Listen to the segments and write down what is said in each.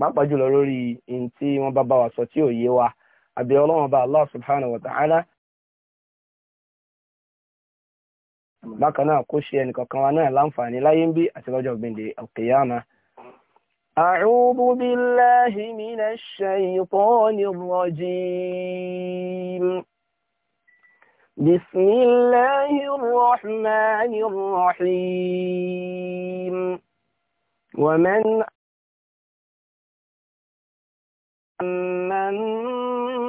pàápàá jùlọ lórí in tí wọ́n bá bá wa sọ tí ò yé wa àbí ọlọ́run bá allah subhanahu wa ta'ala bákan náà kó ṣe ẹnìkọ̀kan wa náà láǹfààní láyé ń bí àti lọ́jọ́ gbìndé alkiyama أعوذ بالله من الشيطان الرجيم بسم الله الرحمن الرحيم ومن من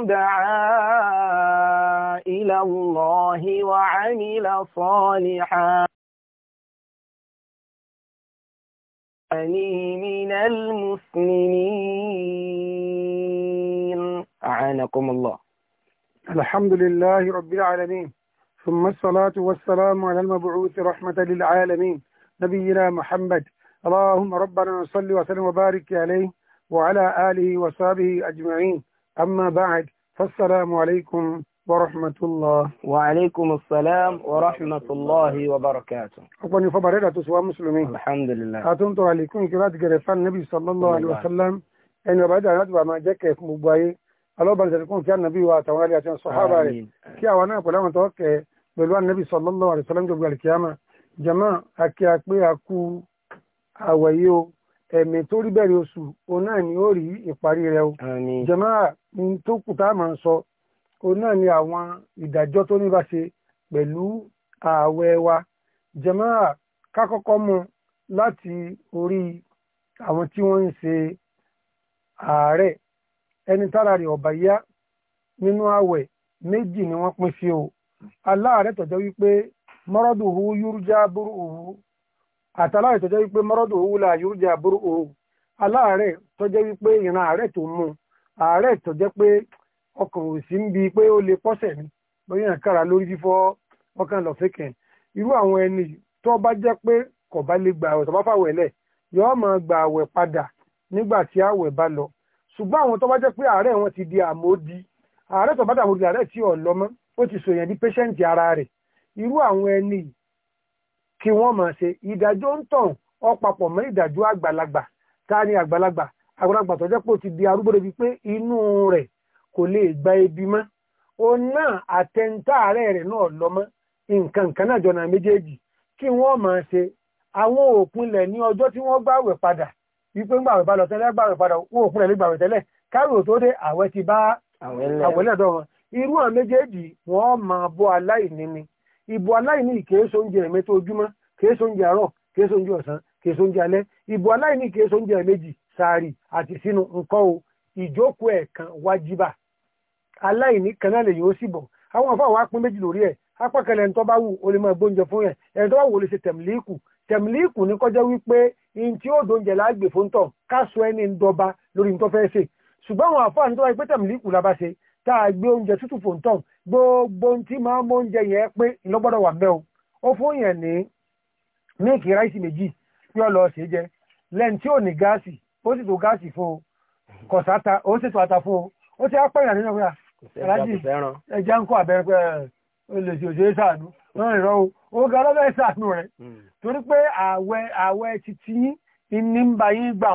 دعا إلى الله وعمل صالحا أني من المسلمين أعانكم الله الحمد لله رب العالمين ثم الصلاة والسلام على المبعوث رحمة للعالمين نبينا محمد اللهم ربنا نصلي وسلم وبارك عليه وعلى آله وصحبه أجمعين أما بعد فالسلام عليكم ورحمة الله وعليكم السلام ورحمة الله وبركاته أقول فبريرة سوى مسلمين الحمد لله أتنت عليكم كرات جرفان النبي صلى الله عليه وسلم أن بعد أن أتبع ما جاك في مباي ألو بل تكون كان نبي وتوالي أتنى الصحابة كي أوانا أقول أما توقع بلو النبي صلى الله عليه وسلم جبقى الكيامة جماعة أكي أكبي أكو أويو ẹ̀mí tó rí bẹ̀rẹ̀ oṣù òun náà ni ó rí ìparí rẹ̀ o jẹ̀mọ́ ní tó kù tá a máa ń sọ òun náà ni àwọn ìdájọ́ tó ní bá ṣe pẹ̀lú ààwẹ̀ wa jẹ̀mọ́ kákọ́kọ́ mu láti orí àwọn tí wọ́n ń ṣe ààrẹ ẹni tára rẹ̀ ọ̀bà yá nínú ààwẹ̀ méjì ni wọ́n pín sí o aláàárẹ̀ tọ́jọ́ wípé mọ́rọ́dù hu yúrújá búrú òhu àtàláàrẹ tó jẹ́ wípé mọ́rọ́dù òwúlà yorùjẹ́ àbúrò o aláàrẹ tó jẹ́ wípé ìran ààrẹ tó mú ààrẹ tó jẹ́ pé ọkàn òsì ń bi pé ó lè pọ́sẹ̀ ni lóyún àkàrà lórí fífọ́ ọkàn lọ́fẹ́kẹ̀ irú àwọn ẹni tó bá jẹ́ pé kò bá lè àwẹ̀ tó bá fàwẹ̀ lẹ̀ máa gba àwẹ̀ padà nígbà tí àwẹ̀ bá lọ ṣùgbọ́n àwọn tó ààrẹ wọn ti di àmódi ààrẹ tó bá dàmódi ààrẹ tí ò lọ ti sòyàn di pẹ́ṣẹ́ǹtì kí wọ́n máa ṣe ìdájọ́ ń tàn ọ́ papọ̀ mọ́ ìdájọ́ àgbàlagbà ta ni àgbàlagbà àgbàlagbà tó jẹ́ pé ó ti di arúgbó débi pé inú rẹ̀ kò lè gba ebi mọ́ òun náà àtẹ̀ǹtà àárẹ̀ rẹ̀ náà lọ mọ́ nǹkan kan náà jọ̀nà méjèèjì kí wọ́n máa ṣe àwọn òpinlẹ̀ ní ọjọ́ tí wọ́n gbàwẹ̀ padà wípé ń gbàwẹ̀ balọ̀ tẹ́lẹ̀ gbàwẹ̀ padà wọn òpinlẹ̀ lè gbàwẹ̀ tẹ́lẹ̀ káàrò tó dé àwẹ̀ ti bá àwẹ̀ lẹ́dọ̀ wọn irú àwọn méjèèjì wọ́n máa bọ́ aláìní ni ìbò aláìní kìí sóúnjẹ ẹ̀mẹ́ta ojúmọ́ kìí sóúnjẹ àárọ̀ kìí sóúnjẹ ọ̀sán kìí sóúnjẹ alẹ́ ìbò aláìní kìí sóúnjẹ ẹ̀mẹ́jì sáàrì àti sínú nǹkan o ìjókòó ẹ̀kan wájibà aláìní kan náà lè yóò sì bọ̀ àwọn àfáà wa pín méjì lórí ẹ̀ apá kan ẹni tó bá wù ó lè máa gbóúnjẹ fún yẹn ẹni tó bá wù ó lè ṣe tẹ̀mílíkù tẹ̀mílíkù ní kọjá wípé ihun tí ó dóúnjẹ láàgbè fún tọ̀ káṣọ ẹni ń dọba lórí ní tó fẹ́ ṣe ṣùgbọ́n àwọn àfáà ní tó wáyé pé tẹ̀mílíkù la bá ṣe tá a gbé oúnjẹ tútù fòǹtàn gbogbo tí máa ń mọ oúnjẹ yẹn pé ìlọ́gbọ́dọ̀ wà bẹ́ẹ̀ o ó fún yẹn ní mílìkì ráìsì méjì pé ọ lọ ṣe jẹ lẹ́yìn tí ò ní gáàsì ó sì tó gáàsì fún o kọ̀sátà ó sì tó ata fún o ó ti apẹ̀yàn nínú ọ̀gá aláàjì ẹja ń kó abẹ́rẹ́ pé olè sí òṣèré sàánú wọ́n rìn rọ́ o ó ga ọlọ́bẹ̀ sàánú rẹ̀ hmm. torí pé àwẹ̀ àwẹ̀ títí ní ń ba yín gbà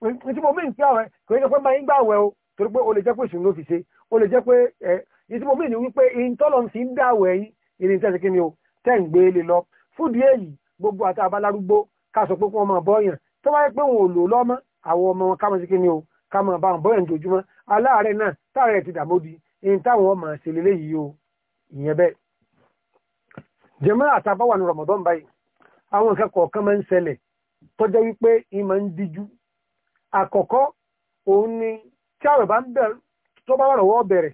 wọn tí mo mí ń pé àwẹ̀ kò yẹ kó ń ba yín gbà wẹ̀ o torí pé o lè jẹ́ pé ìṣòro ló fi ṣe ó lè jẹ́ pé ẹ̀ ìtumọ̀ mi ni wípé ìtọ́lọ̀ ń fi ń dáwọ̀ ẹ̀yìn ìrìn tẹ́sí kí ni o tẹ́ ń gbé lè lọ fúdìí èyí gbogbo àti abálárúgbó ká sọ pé kí wọ́n máa bọ́yàn tó wáyé pé wọn ò lò lọ́mọ àwọn ọmọ wọn ká máa sí kí ni o ká máa bá wọn bọ́yàn jojúmọ́ aláàárẹ̀ náà táàrẹ̀ ti dàmódi ìyìn táwọn ọmọ ṣèlélẹ́ yìí o ìyẹn bẹ́ẹ̀. jẹ́mọ́ àtàbáwà ní Ramadan báyìí àwọn nǹkan kọ̀ọ̀kan máa ń ṣẹlẹ̀ tọ́jọ́ wípé ìmọ̀ ń díjú àkọ́kọ́ òun ni tí àwẹ̀ bá ń bẹ̀rẹ̀ tó bá rọ̀wọ́ bẹ̀rẹ̀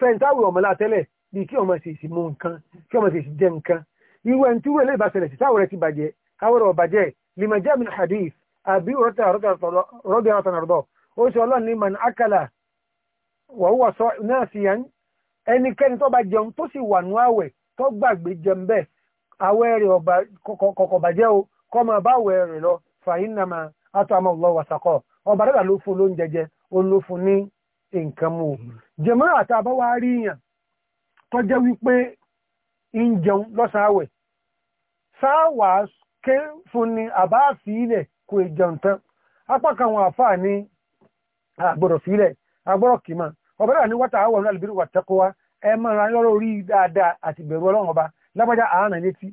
fẹ́ntáwì ọmọlá tẹ́lẹ̀ bí kí ọmọ sì sì mú nǹkan kí ọmọ sì sì jẹ nǹkan ìwẹ̀ ń túwẹ̀ lè bá ṣẹlẹ̀ sí táwọ̀ rẹ̀ ti bàjẹ́ káwọ̀rọ̀ bàjẹ́ lima jẹ́ min hadith àbí rọ́tà rọ́bì àwọn ọ̀dọ́ ó ṣe ọlọ́run ní man akala wà wà sọ náà sí yan ẹnikẹ́ni tó bá jẹun tó sì wà nú àwẹ̀ tó gbàgbé jẹun bẹ́ẹ̀ àwẹ̀ rẹ̀ kọ̀kọ̀ bàjẹ́ o kọ́ máa bá àwẹ̀ rẹ̀ lọ fàyín nàmà àtọ́ àmọ́ ọ̀lọ́wọ̀ sàkọ́ ọba ló fún lóúnjẹ jẹ òun ló fún ní nǹkan mú o jẹ̀mọ́rà njem a bá wá rí yàn tó jẹ́ wípé ń jẹun lọ́sàáwẹ̀ sáàwà ké fún ni àbá àfihìlẹ̀ kò ìjẹun e tán apá wọn àfà ní àgbọ̀rọ̀ fílẹ̀ agbọ́rọ̀ kìíma ọ̀bẹ̀rẹ̀ ní wọ́ta àwọn alìbírí wà tẹ́kọ́ wa ẹ máa ra lọ́rọ̀ orí dáadáa àti bẹ̀rù ọlọ́run ọba létí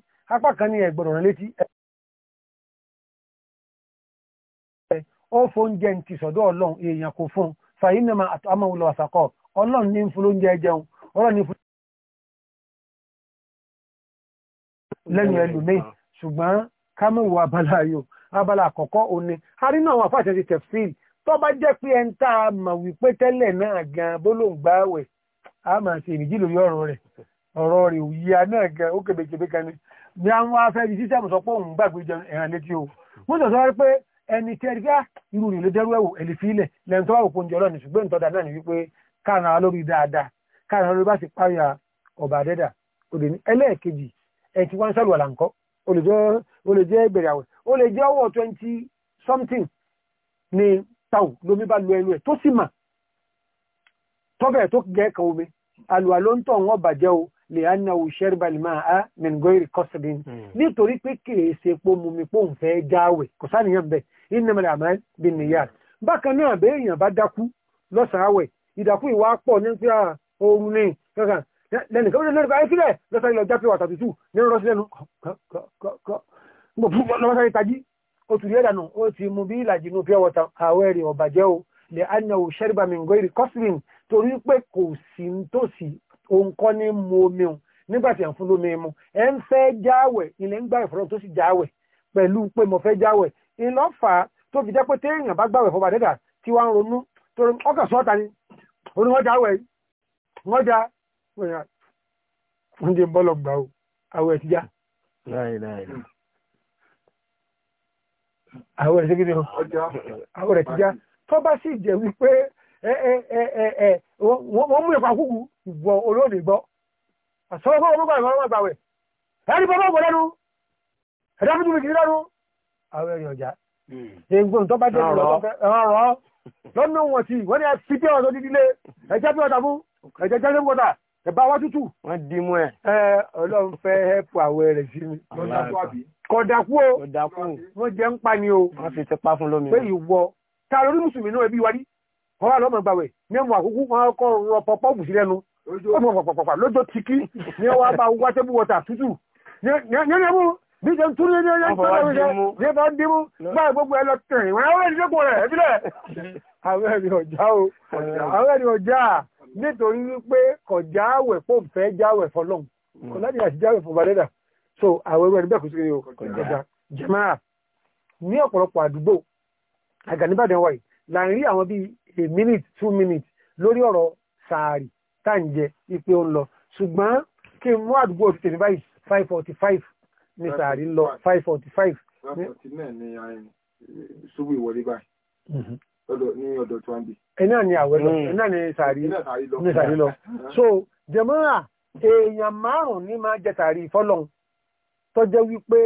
ní létí ó fóúnjẹ ti èèyàn kò fún un fàyínàmà àtàmàwùlọ àsàkọ ọlọ́run ní fún lóúnjẹ jẹun ọlọ́run ní lẹ́nu ẹlùmí ṣùgbọ́n abala abala àkọ́kọ́ òní harínà àwọn ti tẹ̀fíìl tó bá jẹ́ pé ẹn tá a mọ̀ wípé tẹ́lẹ̀ náà gan bólóǹgbà wẹ̀ a máa ṣe ìrìjì lórí ọ̀rọ̀ rẹ̀ ọ̀rọ̀ rẹ̀ náà gan ó ẹni tí ẹ̀rí ah, irú rẹ̀ ló dẹ́rú ẹ̀wò ẹ̀lì fílẹ̀ lẹ́yìn tó wà òpó oúnjẹ ọlọ́ni ṣùgbọ́n ìtọ́da náà ni wípé káàrin ara lórí dáadáa káàrin ara lórí bá sì páyà ọ̀bà àdẹ́dà òde ní ẹlẹ́ẹ̀kejì ẹ̀ tí wọ́n sọ̀rọ̀ àlàǹkọ́ o lè jẹ́ ẹgbẹ̀rẹ̀ àwẹ̀ o lè jẹ́ ọwọ́ twenty something ni tau lomi bá lu ẹnu ẹ̀ tó sì mà tọ́fẹ̀ tó gẹ́ kan omi àlùwà ló ń tọ̀ wọ́n bàjẹ́ o li'annahu sharba al-ma'a min ghayri qasdin nítorí pé kìí ṣe pó mumi pó ń fẹ́ jáwẹ̀ kò sáníyàn bẹ́ẹ̀ innamal a'mal binniyat bákan náà bẹ́ẹ̀ èèyàn bá dákú lọ́sàn-án àwẹ̀ ìdàkú ìwà pọ̀ ní pé oorun ní kankan lẹ́nìkan ó lè lẹ́nìkan ayé sílẹ̀ lọ́sàn-án ilẹ̀ ọjà pé wà tàtútù nínú rọ́ọ̀sì lẹ́nu lọ́sàn-án tají ó tù yẹ́dà nù ó ti mú bí ìlàjì inú pure water àwẹ̀ rẹ̀ ọ̀bàjẹ́ o lè ánà ò ṣẹ́rìbà min ghairi qasdin torí pé kò sí ń tòsí òun kọ́ ní mu omi òun nígbà tí à ń fún lómi mu ẹ ń fẹ́ jáwẹ̀ ilẹ̀ ń gbàwẹ̀ fọlọ́n tó sì jáwẹ̀ pẹ̀lú pé mo fẹ́ jáwẹ̀ ìlọ́fà tó fi jẹ́ pé téèyàn bá gbàwẹ̀ fọba dẹ́dà tí wàá ń ronú torí ọkàn sọ́ọ̀ta ni oní wọ́n jáwẹ̀ wọ́n já wọ́n ah, jẹ́ bọ́ọ̀lù gbà ó àwẹ̀ ti já. àwẹ̀ ti já tó bá sì jẹ́ wípé wọ́n mú ìpàkùkù ìgbọ̀ olóòdè gbọ́ àṣọ́gbọ́ ọmọgbà ìwọ̀n àgbàwẹ̀ ẹni bọ́ bọ́ lẹ́nu ẹ̀dá fún jùmìkì lẹ́nu àwẹ̀ ẹ̀rì ọjà ẹgbọ́n tó bá jẹ́ ọ̀rọ̀ lọ́nà wọn sí wọ́n ni a fi bí ọ̀sọ́ dídílé ẹjẹ́ bí ọ̀tà fún ẹjẹ́ jẹ́ lẹ́mú ọ̀tà ẹ̀bá wá tútù wọ́n dì mú ẹ̀ ọlọ́run fẹ́ hẹ́pù àwẹ̀ rẹ̀ sí mi kọ̀dàkú o wọ́n jẹ́ ń pa ni o wọ́n fi ti pa fún lómi pé ìwọ ta lórí mùsùlùmí náà ẹbí wa rí wọ́n wà lọ́mọ̀ gbàwẹ̀ ní ọmọ àkókò wọn kọ́ rọ pọ̀pọ̀ bù sí lẹ́nu ọmọ pàpàpà lójó tíkí ní ọwọ́ bá wá tẹ́bù wọ́tà tútù ní ẹ̀mú bí ṣe ń túnú ní ẹ̀yẹ́ tó lọ́wọ́ ṣe ní ẹ̀bá ń dìmú bá gbogbo ẹ lọ tẹ̀rìn wọn àwọn ẹ̀dínlẹ́kù rẹ̀ ẹ̀bílẹ̀ àwọn ẹ̀rì ọ̀já o àwọn ẹ̀rì ọ̀já nítorí wípé kọjá àwẹ̀ pò ń fẹ́ jáwẹ̀ fọlọ́n mm. kò láti àti jáwẹ̀ fún balẹ̀dà so àwọn ẹ̀rù ẹni bẹ́ẹ̀ kò sí kiri o kọjá jẹ́máà ní ọ̀pọ̀lọpọ̀ àdúgbò àgànníbàdàn wáyé láàrin àwọn bíi a minute two minutes lórí ọ̀rọ̀ sàárì tá ń jẹ ipe ó ń lọ ṣùgbọ́n kí n mú àdúgbò ti tèmi báyìí five forty five ní sàárì lọ five forty five. five forty nine ni ṣubú ìwọlé báyìí mm-hmm. ní ọ̀dọ̀ tí wọ́n bí. ni àwẹ̀ lọ mm. ẹ náà ni sàárì ní sàárì lọ uh-huh. so jẹ̀mọ́ra èèyàn márùn-ún ní máa jẹ sàárì fọ́lọ́n tó jẹ́ wípé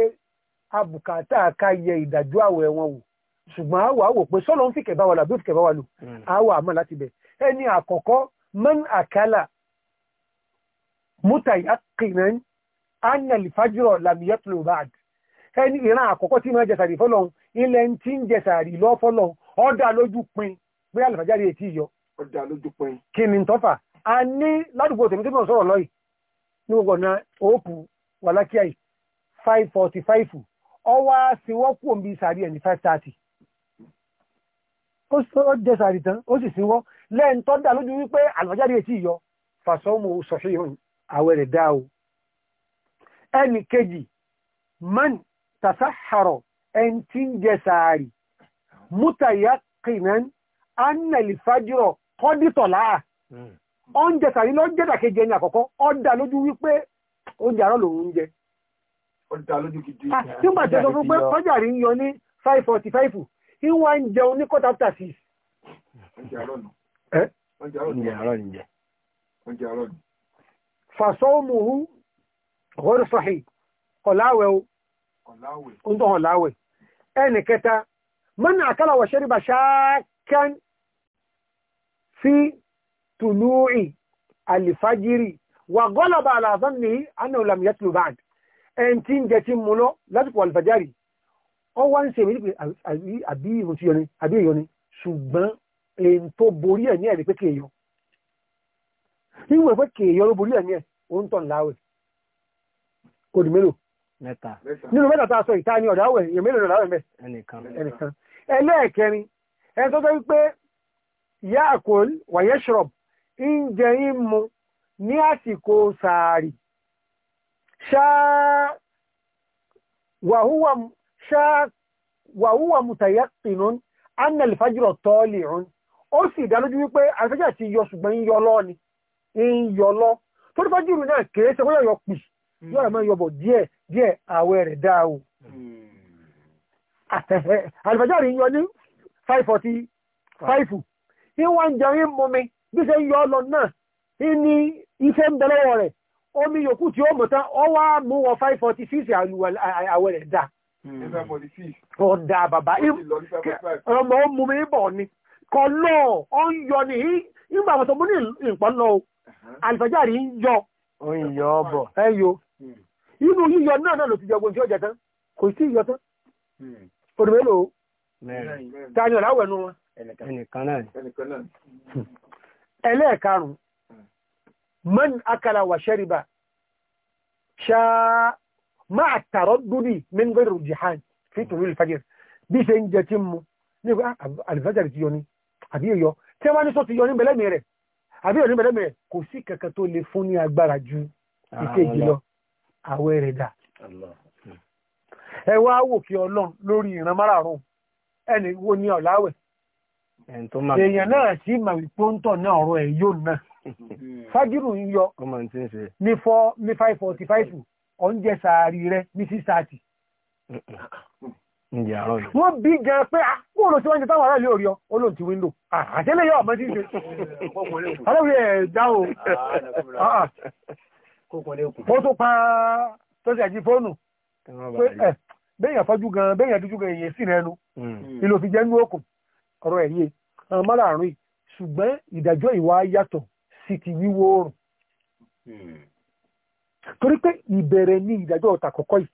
abùkátà ká yẹ ìdájọ́ àwẹ̀ wọn wò ṣùgbọ́n a wà wò pé sọ́lọ́ ń fi kẹ̀bá wa lò àbí ó fi kẹ̀bá wa lò hmm. a wà àmọ́ láti bẹ̀ ẹni àkọ́kọ́ man àkálà mútàì àkìnnán annalifájúrọ̀ làmìyàtúlò báàd ẹni ìran àkọ́kọ́ tí máa jẹsàrí fọ́lọ́ ilẹ̀ ń tí ń jẹsàrí lọ fọ́lọ́ ọ̀dà lójú pin bí àlùfájárì etí yọ. ọ̀dà lójú pin. kí ni tọ́fà a ní ládùúgbò tèmi tó mọ̀ sọ̀rọ̀ lọ́yìí ní five forty five ọwọ́ àṣewọ́pọ̀ mi sàrí ẹni five thirty. ó jẹ sàárì tán ó sì síwọ́ lẹ́yìn tó dà lójú wípé àlùfájáde ètí yọ fàṣọ́mù sọ̀fí hàn o ẹnì kejì man ẹni tí ń jẹ sàárì kìnnán hmm. oúnjẹ ló dàkejì ẹni ó dà lójú wípé oúnjẹ lòun jẹ. ó dà lójú kìdí. Ah, tí ó sọ fún pé ọjà rí ń yọ ní five ìwà ń jẹun ní kọ́tà tà sí. fàṣọ́mùhù ọ̀rọ̀ sọ̀hì ọ̀láwẹ̀ o ń tọ́ ọ̀láwẹ̀ ẹnì kẹta mọ́nà àkàlà wàṣẹ́rìbà ṣáàkán fi tùlúì alìfájírì wà gọ́lọ̀bà àlàáfẹ́ ní àná òlàmìyàtìlú báàdì ẹn tí ń jẹ tí mú lásìkò alìfàjárì ọ wá ń ṣe èmi pé àbí ìròtí yọ ni àbí èyọ ni ṣùgbọ́n èyí tó borí ẹ̀ ní ẹ̀ ní pé kéèyọ ìwọ̀n pé kéèyọ ló borí ẹ̀ ní ẹ̀ ó ń tọ̀ láwẹ̀ kò dì mélòó mẹ́ta nínú mẹ́ta tá a sọ ìta ni ọ̀dáwẹ̀ èyí mélòó lọ́dáwẹ̀ mẹ́ ẹnìkan ẹlẹ́ẹ̀kẹrin ẹni tó sọ wípé yá àkòl wàyẹ́ ṣrọ̀b ń jẹ ń ní àsìkò sàárì ṣáá wàhúwà sha wàhúwà mutayaqinun anna al-fajra ó sì dánújú wípé alifájìrì ti yọ ṣùgbọ́n ń yọ lọ ni ń yọ lọ tó ní náà kéré ṣe wọ́n yọ pì hmm. yọ máa yọbọ̀ díẹ̀ díẹ̀ àwẹ̀ rẹ̀ dáa o yọ ní 545 ní wọ́n ń jẹun ń bí ṣe ń yọ lọ náà ní iṣẹ́ ń bẹ lọ́wọ́ rẹ̀ omi yòókù tí ó mú àwẹ̀ ọ̀dà hmm. bàbá ọmọ ọmọ mi bọ̀ ni kọ lọ ọ ń yọ ní ìgbà àwọn ọmọ ní ìpọ́n lọ o àlìfàjáàrí ń yọ ìyọ ọbọ̀ ẹyọ hmm. inú yíyọ náà náà ló ti jọ gbòǹtì ọjà tán kò sí ìyọ tán òdùmẹ́ lò ó tani ọ̀làwọ̀ ẹnu wọn ẹnìkan náà hmm. ẹlẹ́ẹ̀karùn-ún mọ́n akala wà ṣẹ́ríbà ṣáá máa tààrọ́ dúdì mẹ́ngọ́dọ̀ jihad fi tòlú ìfàjẹ́ bí ṣe ń jẹ tí mu ní ìgbà àlùfájàrì ah, ti yọ ni àbí èyọ tí wọ́n ní sọ ti yọ ní bẹ̀lẹ́mì rẹ̀ àbí èyọ ní bẹ̀lẹ́mì rẹ̀ kò sí kankan tó lè fún ní agbára ju ah, ìkejì lọ àwẹ̀ rẹ̀ dà. Hmm. ẹ wá wò kí ọlọ́run lórí ìran márààrún ẹni wo ní ọ̀làwẹ̀ èèyàn náà sí màwípóńtọ̀ náà ọ̀rọ̀ ẹ̀ yóò náà hmm. fájírù yọ ní five forty five oúnjẹ sàárì rẹ ní sí sáàtì. wọ́n bí gan pé ah, kúrò ti wọ́n jẹ táwọn ọ olóhùn ti wíńdò àtẹ́lẹ̀ yọ ọmọ tí ń ṣe. ọlọ́run ẹ̀ dá o. Ah, ah. mo tún pa tọ́sí àjí fóònù pé eh, fọ́jú gan bẹ́yàn dúdú gan èyẹ sí rẹnu hmm. hmm. ìlò fi jẹ́ ní okùn ọ̀rọ̀ ẹ̀yẹ mọ́láàrún ṣùgbọ́n ìdájọ́ ìwà yàtọ̀ sí ti wíwó oòrùn hmm. torí pé ìbẹ̀rẹ̀ ní ìdájọ́ ọ̀tà kọ̀kọ́ yìí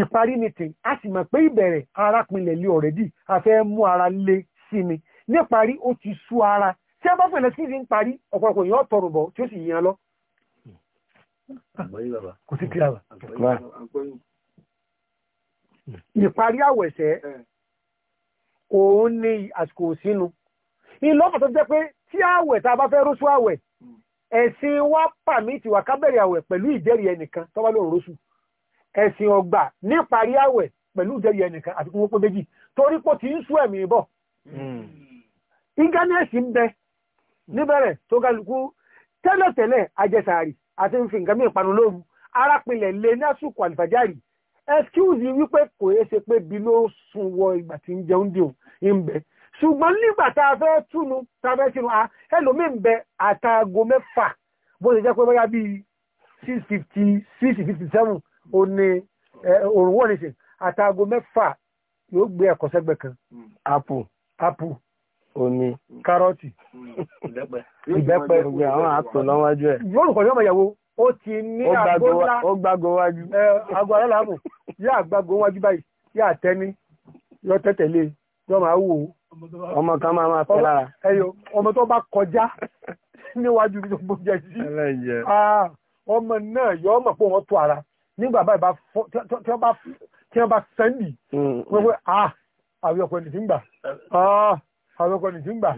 ìparí ni tè a sì mọ̀ pé ìbẹ̀rẹ̀ arápinlẹ̀ lé ọ̀rẹ́dì a fẹ́ mú ara lé sí ni níparí ó ti sú ara tí a bá fẹ̀lẹ̀ sí ti ń parí ọ̀pọ̀lọpọ̀ èèyàn tọrùn bọ̀ tí ó sì yan lọ. kò sí kíláàbà. Hmm. ìparí àwẹ̀sẹ̀ òun ni àsìkò sínú ìlọ́pàá tó jẹ́ pé tí àwẹ̀ tá a bá fẹ́ rọ́ṣù àwẹ̀ ẹ̀sìn wa pàmìtì wà kábẹ̀rẹ̀ àwẹ̀ pẹ̀lú ìjẹ́rìí ẹnìkan tọ́wọ́ lóòrùn róṣù ẹ̀sìn ọgbà níparí àwẹ̀ pẹ̀lú ìjẹ́rìí ẹnìkan àti kúnwó pé méjì torí pò tí ń sú ẹ̀mí bọ̀. íńgánẹ́ẹ̀sì ń bẹ níbẹ̀rẹ̀ tó kálukú tẹ́lẹ̀tẹ́lẹ̀ ajẹsàárì àti nfin nǹkan mìíràn panu lóru arápinlẹ̀ lè ní àsùkò àlìfàjárì excuse wípé kò yẹ ṣùgbọ́n nígbà tá a fẹ́ túnu tá a fẹ́ sínú a ẹlòmí ń bẹ àtàgò mẹ́fà bó ṣe jẹ́ pé bóyá bíi six fifty six fifty seven ó ní òrùn wọ̀ níṣẹ́ àtàgò mẹ́fà yóò gbé ẹ̀kọ́ sẹ́gbẹ̀ kan apu apu omi kárọ́ọ̀tì hmm. ìbẹ́pẹ gbogbo àwọn àtò lọ́wọ́jú ẹ̀. yóò rùkọ̀ yọmọ ìyàwó ó ti ní àgbo ńlá ó gbàgbó wájú. àgbo alálàámù yóò àgbàgbó wájú báyìí yóò àtẹ́ni yóò tẹ̀tẹ̀lé yóò máa wò ó ọmọ kan máa máa fẹ́ lára. ẹyọ ọmọ tó bá kọjá níwájú gbogbo jẹ sí ọmọ náà yọ ọmọ pé wọn tó ara nígbà báyìí bá tí wọn bá tí wọn bá sẹ́ndì wọn pé ah àwọn ọkọ nìtì ń gbà ah àwọn ọkọ nìtì ń gbà ah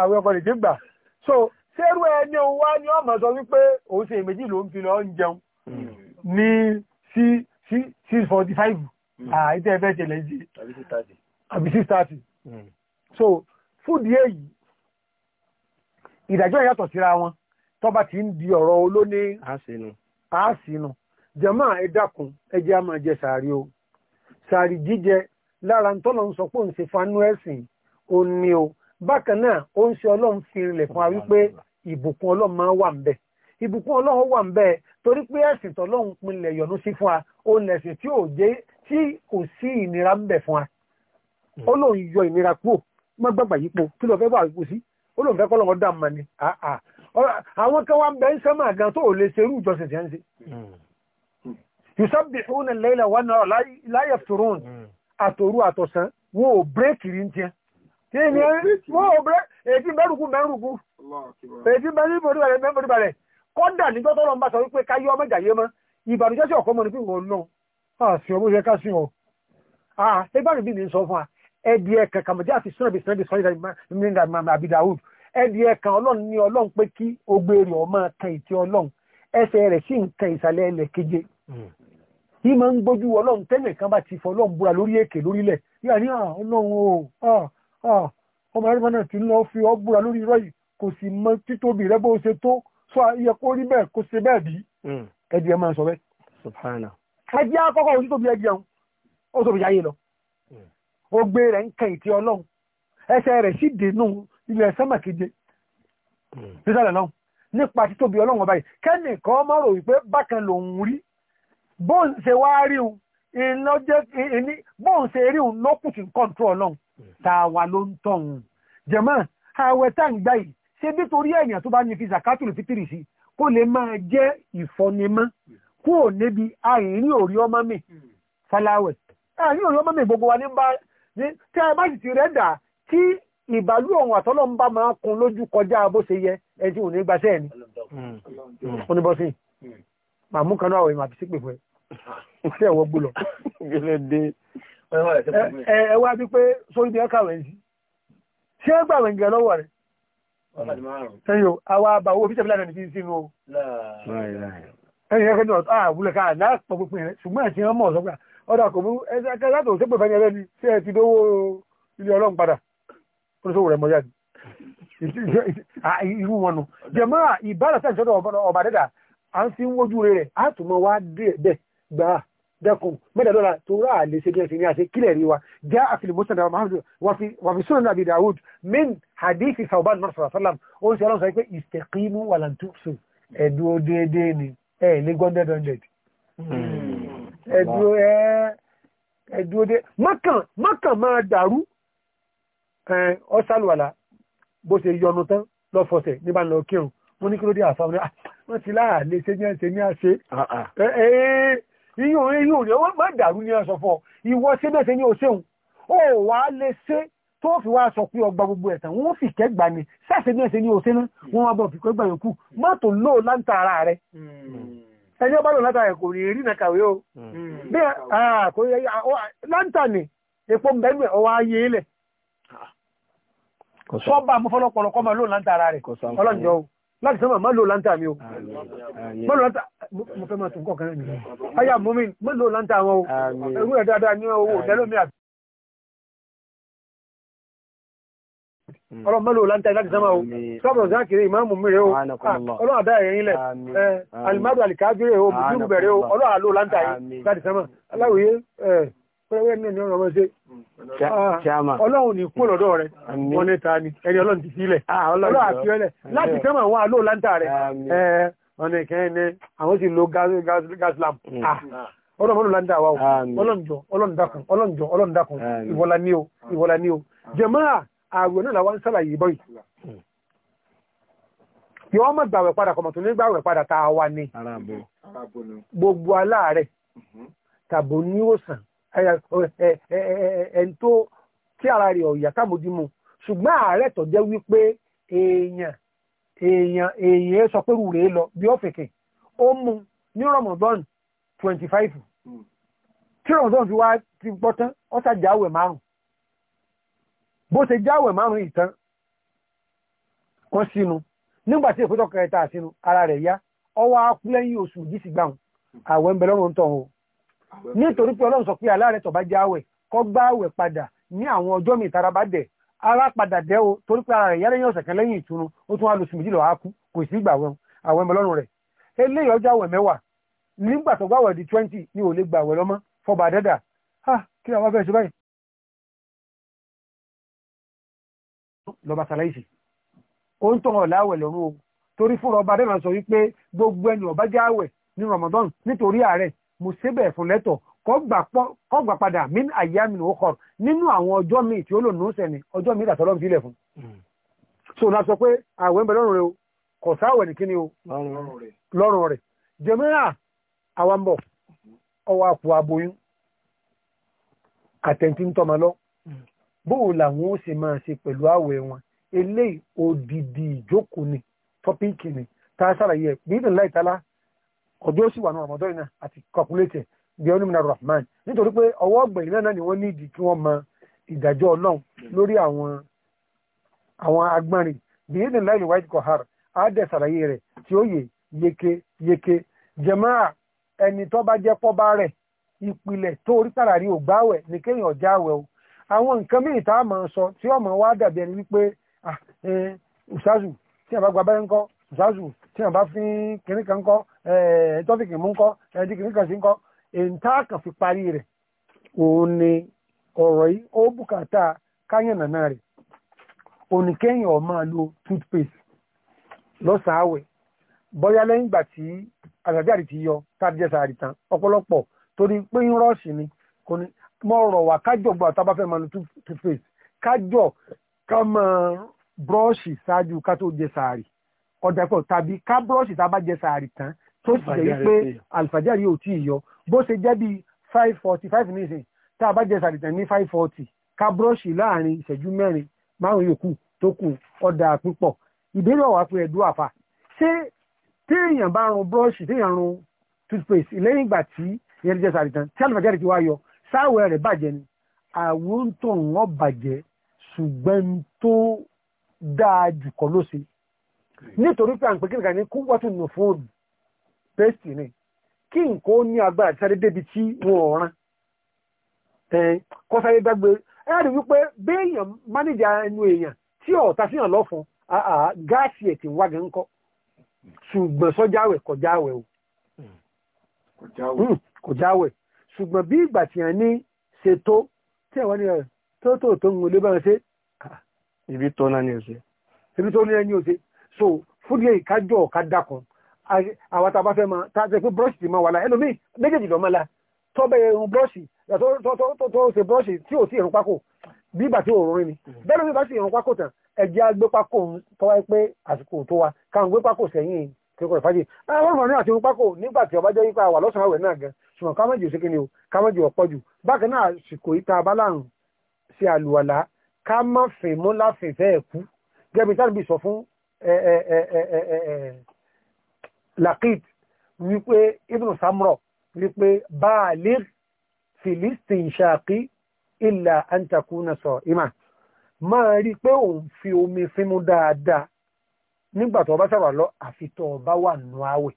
àwọn ọkọ nìtì ń gbà so ṣerú ẹni wá ní ọmọ sọ wípé òun ṣe èméjì ló ń fi lọ ń jẹun hmm. ní c c six forty five àìtẹ́ ẹ̀fẹ́ ṣẹlẹ̀ jí àbí 630 hmm. so fún díẹ̀ yìí ìdájọ́ yàtọ̀ síra wọn tó bá ti ń di ọ̀rọ̀ olóní àásìnú jẹ́mọ́ ẹ dákun ẹ jẹ́ á máa jẹ sàárì o sàárì jíjẹ lára ń tọ́lọ̀ ń sọ pé òun ṣe fanú ẹ̀sìn ó ní o bákan náà ó ń ṣe ọlọ́run fi rinlẹ̀ fún wa wípé ìbùkún ọlọ́run máa wà ń bẹ̀ ìbùkún ọlọ́run wà ń bẹ̀ torí pé ẹ̀sìn tọ́lọ́run pinlẹ̀ yọ̀nú sí fún wa ó lẹ̀sìn tí ò jẹ́ tí kò sí ìnira ń bẹ̀ fún wa ó lóun yọ ìnira kúrò má gbàgbà yípo kí ló fẹ́ bá kú sí ó lóun fẹ́ kọ́ lọ́wọ́ dá mọ́ ni àwọn kan wá ń bẹ ń sẹ́mà gan tó ò lè ṣerú ìjọsìn tí wọ́n ń ṣe. Hmm. yusabbihuna al-layla wan-nahara la yafturun hmm. àtòru àtọ̀sán wọn ò bírèkì rí tiẹ̀ kí ni wọn ò bírèkì èyí bẹ́rùkú bẹ́rùkú èyí bẹ́rùkú bẹ́rùkú bẹ́rùkú kọ́dà nígbà tó lọ́n bá sọ wípé káyọ́ mẹ́jà yé mọ́ ìbànújẹ́ sí ọ̀kọ́ mọ́ ní fíwọ́n náà Ah, àṣì ọmọ ìṣẹ́ káṣí ọ̀ ẹgbàrí bí mi sọ fún wa ẹdí ẹ̀kan kàmọ̀já àti sọ́nàbí sọ́nàbí sọ́nàbí àbídáwùd ẹdí ẹ̀kan ọlọ́run ní ọlọ́run pé kí ogbèrè ọmọ kan ìtì ọlọ́run ẹsẹ̀ rẹ̀ sí nǹkan ìsàlẹ̀ ẹlẹ̀ keje yìí hmm. máa ń gbójú ọlọ́run tẹ́lẹ̀ kan bá ti fọ ọlọ́run búra lórí èkè lórílẹ̀ yíyá ní ah, ọlọ́run o ah, ah, ọmọ ẹ̀rọ náà ti lọ fi ọ búra lórí irọ́ yìí kò sì mọ títóbi rẹ bó ṣe tó sọ yẹ kó rí bẹ́ẹ̀ kó ṣe bẹ́ẹ̀ bí hmm. ẹdí ẹ máa sọ bẹ́ẹ̀. subhana ẹjẹ́ akọ́kọ́ ojú tóbi ẹjẹun ó tóbi yáyé lọ hmm. ó gbé rẹ̀ ń kẹ ìtì ọlọ́run ẹsẹ̀ rẹ̀ sì dènú ilẹ̀ sẹ́mà keje hmm. nísàlẹ̀ náà nípa títóbi ọlọ́run ọba yìí kẹ́nì kan máa rò wípé bákan lòun rí bóun ṣe wá rí un iná jẹ́ ìní bóun ṣe rí un lókùtì kọ́ńtrọ̀ ọlọ́run hmm. tá a wà ló ń tọ̀ ọ̀hún jẹ̀mọ́ àwẹ̀ tá à ń gbà yìí ṣé nítorí ẹ̀yàn tó bá ní fi zakatul fitiri sí kó lè máa jẹ́ ìfọ́nimọ́ kúrò níbi àìrí òrí ọmọ mi hmm. faláwẹ̀ àìrí òrí ọmọ mi gbogbo wa ní bá ní tí a bá sì ti rẹ̀ dà kí ìbàlú ọ̀hún àtọ́lọ́ ń bá máa kun lójú kọjá bó ṣe yẹ ẹ tí ò ní gbaṣẹ́ hmm. ní hmm. màmú kan náà fún ẹ ẹ wá bí pé ẹni ẹgbẹ́ náà ah wúlẹ̀ ká láàpọ̀ pínpín rẹ̀ ṣùgbọ́n ẹ̀sìn ọmọ ọ̀sọ́gbà ọ̀dà kò mú ẹ̀ka látò ṣé pè fẹ́ni ẹlẹ́ni ṣé ẹ ti dówó ilé ọlọ́run padà ó ṣòwò rẹ̀ mọ́yá irú wọn nu jẹ̀mọ́ ìbára sáà ìṣọ́dọ̀ ọba dẹ́dà à ń fi ń wojú rẹ̀ á tún mọ́ wá bẹ́ẹ̀ gbà dẹ́kun mẹ́ta dọ́là tó rà á lè ṣe bí ẹ̀sìn ní àṣẹ kílẹ̀ rí wa já àfihàn mọ́sán náà Muhammad wà fi sunan Abi Dawud min hadith Thawban náà sọ̀rọ̀ ó ń ṣe ọlọ́run sọ pé istaqimu wàlàntúṣù ẹ̀dùn déédéé ni ẹ lè hundred hundred ẹ̀dúró hmm. ẹ ẹ̀dúró dé mọ́kàn mọ́kàn máa dàrú ọ̀sálùwàlà bó ṣe yọnu tán lọ́fọ̀ọ̀sẹ̀ nígbà lọ kírun wọ́n ní kí ló dé àfa ah, wọ́n ti láàlẹ́ ṣe ní ẹ̀ṣẹ̀ ní àṣẹ iyùn iyùn rẹ̀ wọ́n má dàrú ní ọ̀sọ̀fọ̀ ìwọ ṣe bẹ́ẹ̀ ṣe ní òṣèlú ó wàá lè ṣe tó fi wá sọ pé ọgbà gbogbo ẹ̀tàn wọ́n fi kẹgbà ni sẹ́sẹ̀ ní ẹ̀sẹ̀ ní oṣẹ́ náà wọ́n wá bọ̀ fi kẹgbà yòókù hmm. má tó lò láǹtara rẹ̀ hmm. ẹni ọba lò látara kò rí rí nàkàwé o hmm. bí kò yẹ láǹtà ni epo mbẹ́nu ẹ̀ ọwọ́ ayé lẹ̀ sọ́ba amúfọ́lọ́pọ̀lọ́ kọ́ máa lò láǹtara rẹ̀ ọlọ́njọ́ o láti sọ́mà má lò láǹtà mi o má lò láǹtà mo fẹ́ máa tún kọ̀ọ̀kan náà nìyẹn ayé àmúmi má lò láǹtà wọn o ẹ̀rú ẹ̀ dáadáa ní owó òtẹ́lómi àti Mm. ọlọ́run mẹ́lò láńtà láti sánmà o sọ́bọ̀ zákìrí ìmáàmù mìíràn o ah, ọlọ́run àdá ẹ̀rin ilẹ̀ eh, alimadu alikajire o bùdúrù bẹ̀rẹ̀ o ọlọ́run àlò láńtà láti sánmà aláwòye eh, ọ̀rọ̀ ah, ọlọ́run ní kó lọ́dọ̀ ní ta ni ẹni ọlọ́run ti sílẹ̀ ah, ọlọ́run àti ẹlẹ̀ láti wọn àlò láńtà ọ̀nà ìkẹyìn àwọn eh, lo gas àwẹ̀ náà làwọn ń sàlàyé bọ́ ìtura hmm. yọ́ mọ̀ gbàwẹ̀ padà kọmọ̀ tó ní gbàwẹ̀ padà tá a wà ní gbogbo aláàárẹ̀ hmm. tàbí ní òsàn ẹn tó tí ara rẹ̀ ọ̀yà tàbójúmu ṣùgbọ́n ààrẹ tó jẹ́ wípé èèyàn èèyàn èèyàn sọ pé rú lọ bí ọ̀fẹ̀kẹ̀ ó mú ní Ramadan twenty five hmm. tí Ramadan fi wá ti gbọ́ tán ó márùn bó ṣe jáwẹ̀ márùn ìtàn wọ́n sínú nígbàtí ìpótọ́ kẹta sínú ara rẹ̀ yá ọwọ́ akúlẹ́yìn oṣù jísì gbáhùn àwẹ̀ ń bẹ lọ́rùn tọ̀ o nítorí pé ọlọ́run sọ pé aláàrẹ̀ tọ̀ bá jáwẹ̀ kọ́ gbáwẹ̀ padà ní àwọn ọjọ́ mi ìtara bá dẹ̀ ara padà dẹ́ o torí pé ara rẹ̀ yá lẹ́yìn ọ̀sẹ̀ kan lẹ́yìn ìtùnú ó tún wá lóṣù méjìlá akú kò sí ìgbà wọn àwẹ̀ ń bẹ lọ́rùn rẹ̀ eléyìí ọjọ́ àwẹ̀ mẹ́wàá nígbà tó gbáwẹ̀ di twenty ni ò lè gbàwẹ̀ lọ́mọ fọba dẹ́dà ah kí ni àwọn afẹ́ ṣe báyìí lọ́ba sàlẹ́sì ó ń tọ̀hàn láwẹ̀ lọ́rùn o torí fún ọba adéwà sọ wípé gbogbo ẹni ọba jáwẹ̀ ní Ramadan nítorí ààrẹ mo ṣébẹ̀ fún lẹ́tọ̀ kọ́ gbà padà min ayamin okor nínú àwọn ọjọ́ míì tí ó lò nù sẹ́ni ọjọ́ míì dàtọ́ lọ́n sílẹ̀ fún. Hmm. so na sọ pé àwẹ̀ ń bẹ lọ́rùn rẹ o kò sáwẹ̀ ní kíni o lọ́rùn rẹ jẹmẹ́rà àwọn bọ̀ ọwọ́ àpò aboyún àtẹ̀ntì ń tọ́mọ lọ́wọ́ bóò làwọn ó sì máa ṣe pẹ̀lú àwẹ̀ wọn eléyìí odidi ìjókòó ni tọ́píìkì ni tá a ṣàlàyé bíbí ńlá ìtàlá ọjọ́ sì wà ní ọmọdé náà àti calculator bí ọ́nà mìíràn rahman nítorí pé ọwọ́ ọgbẹ̀yìn náà ni wọ́n ní ìdí kí wọ́n mọ ìdájọ́ ọlọ́run lórí àwọn àwọn agbọ́nrin bíbí white kohar á dẹ̀ ṣàlàyé rẹ̀ tí ó yè yeke yeke jẹ̀máà ẹni tó bá jẹ́ pọ́ bá rẹ̀ ìpìlẹ̀ tó orí tàràrí ògbáwẹ̀ ní kéèyàn jáwẹ̀ o àwọn nǹkan míì tá a sọ tí ọmọ wa dàbí ẹni wípé tí a bá gba abẹ́rẹ́ ńkọ́ ṣáàzù tí a bá fi kìnní kan kọ́ tọ́fìkì mú ńkọ́ ẹ̀ẹ́dì kìnní kan sí ńkọ́ kan fi parí ni ọ̀rọ̀ yìí ó bùkátà rẹ̀ òun máa lo toothpaste lọ́sàn-án lẹ́yìn ìgbà tí àtàjáde ti mo rọ̀ wá kájọ gbọ́ àtàbá fẹ́ máa lo toothpaste kájọ ká máa búrọ́ọ̀ṣì ṣáájú ká tó jẹ sàárì ọ̀dà pọ̀ tàbí ká búrọ́ọ̀ṣì tá a bá jẹ sàárì tán tó sì jẹ́ pé àlùfájàrí ò tí ì yọ bó ṣe jẹ́ bí five forty five minutes tá a bá jẹ sàárì tán ní five forty ká búrọ́ọ̀ṣì láàrin ìṣẹ́jú mẹ́rin márùn-ún yòókù tó kù ọ̀dà púpọ̀ ìbéèrè ọ̀wá pé ẹ̀dùn àfà ṣé téèyàn bá run búrọ́ọ̀ṣì téèyàn run toothpaste lẹ́yìn ìgbà tí ìyẹn jẹ sàárì tán tí àlùfájàrí ti wá yọ sáwẹ̀ rẹ̀ bàjẹ́ ni àwọn tó ń wọ́n bàjẹ́ ṣùgbọ́n tó dáa jù kọ́ ló ṣe nítorí pé à ń pè kí nìkan ní kú wọ́tún nù fóònù pẹ́sì ni kí nǹkan ó ní agbára àti sáré débi tí wọ́n ọ̀ràn kọ́ sáré dágbé ẹ̀rí wípé béèyàn mánéjà ẹnu èèyàn tí ọ̀tá fihàn lọ́fun gáàsì ẹ̀ ti ń wá gan kọ́ ṣùgbọ́n sọ́jáwẹ̀ kọjáwẹ̀ o hmm. kọjáwẹ̀ hmm, ṣùgbọ́n bí ìgbà tí yàn ní ṣètò tí àwọn ènìyàn eh, tó tó tó ń lé bára ṣe ah, ibi tó náà ní ọ̀sẹ̀ ibi tó ní ẹni ọ̀sẹ̀ so fún ilé ìkájọ́ ọ̀ká dákan àwọn tàbá fẹ́ máa tàbí pé brọ́ṣì ti máa wà láà ẹlòmíì méjèèjì lọ́mọ́ la tó bẹ̀rẹ̀ irun brọ́ṣì tó ṣe brọ́ṣì tí ò sí irun pákó bí ìgbà tí ò rìn ni mm. bẹ́ẹ̀ lómi bá sì irun pákó tán ẹjẹ́ agbé pákó tó wáyé pé àsìkò tó wa káwọn gbé pákó sẹ́yìn kíkọ́ ìfàjì àwọn ọmọ náà ti irun pákó nígbà tí ọba jẹ́ yípa wà lọ́sàn-án àwẹ̀ náà gan ṣùgbọ́n kámẹ́jì ò sí kíni o kámẹ́jì ọ̀pọ̀ jù bákan náà àsìkò ìta abálàrùn ṣe àlùwàlá ká má fè mú láfè fẹ́ ẹ̀ kú gẹ́gẹ́ bí sáàbì sọ fún lakit wípé ibn samro wípé baali filistin ṣaaki illa antakuna sọ ima máa rí pé òun fi omi fínmú dáadáa nígbà tó bá lọ àfitọ́ ọba wà nù àwẹ̀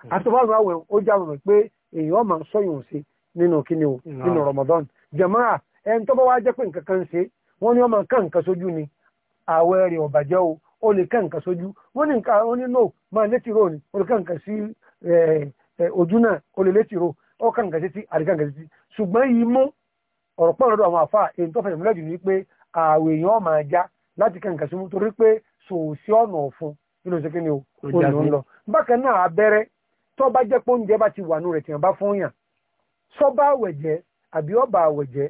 hmm. àtọ́bá nù àwẹ̀ ó jáwọ̀ pé èèyàn máa sọyún sí nínú kíni o nínú Ramadan jamaa ẹn tó bá wá jẹ́ pé nǹkan kan ṣe wọ́n ní ọmọ nǹkan nǹkan sójú ni àwẹ̀ rẹ̀ ọ̀bàjẹ́ o ó lè kẹ́ nǹkan sójú wọ́n ní nǹkan wọ́n ní no máa létí ro ni ó lè kẹ́ nǹkan sí ojú náà ó lè létí ro ó kẹ́ nǹkan sétí àríkà nǹkan sétí ṣùgbọ́n yìí mú ọ̀rọ̀ pọ̀ lọ́dọ̀ àwọn àfa èyí tó fẹsẹ̀ múlẹ̀ jù pé àwẹ̀ èèyàn máa já láti kẹ́ nǹkan sójú torí pé sòsí ọ̀nà ọ̀fun nínú ìṣèkínni o ó lè tó bá jẹ́ pé oúnjẹ bá ti wà nù rẹ̀ tí wọ́n bá fún yàn sọ́ba àwẹ̀jẹ́ àbí ọba àwẹ̀jẹ́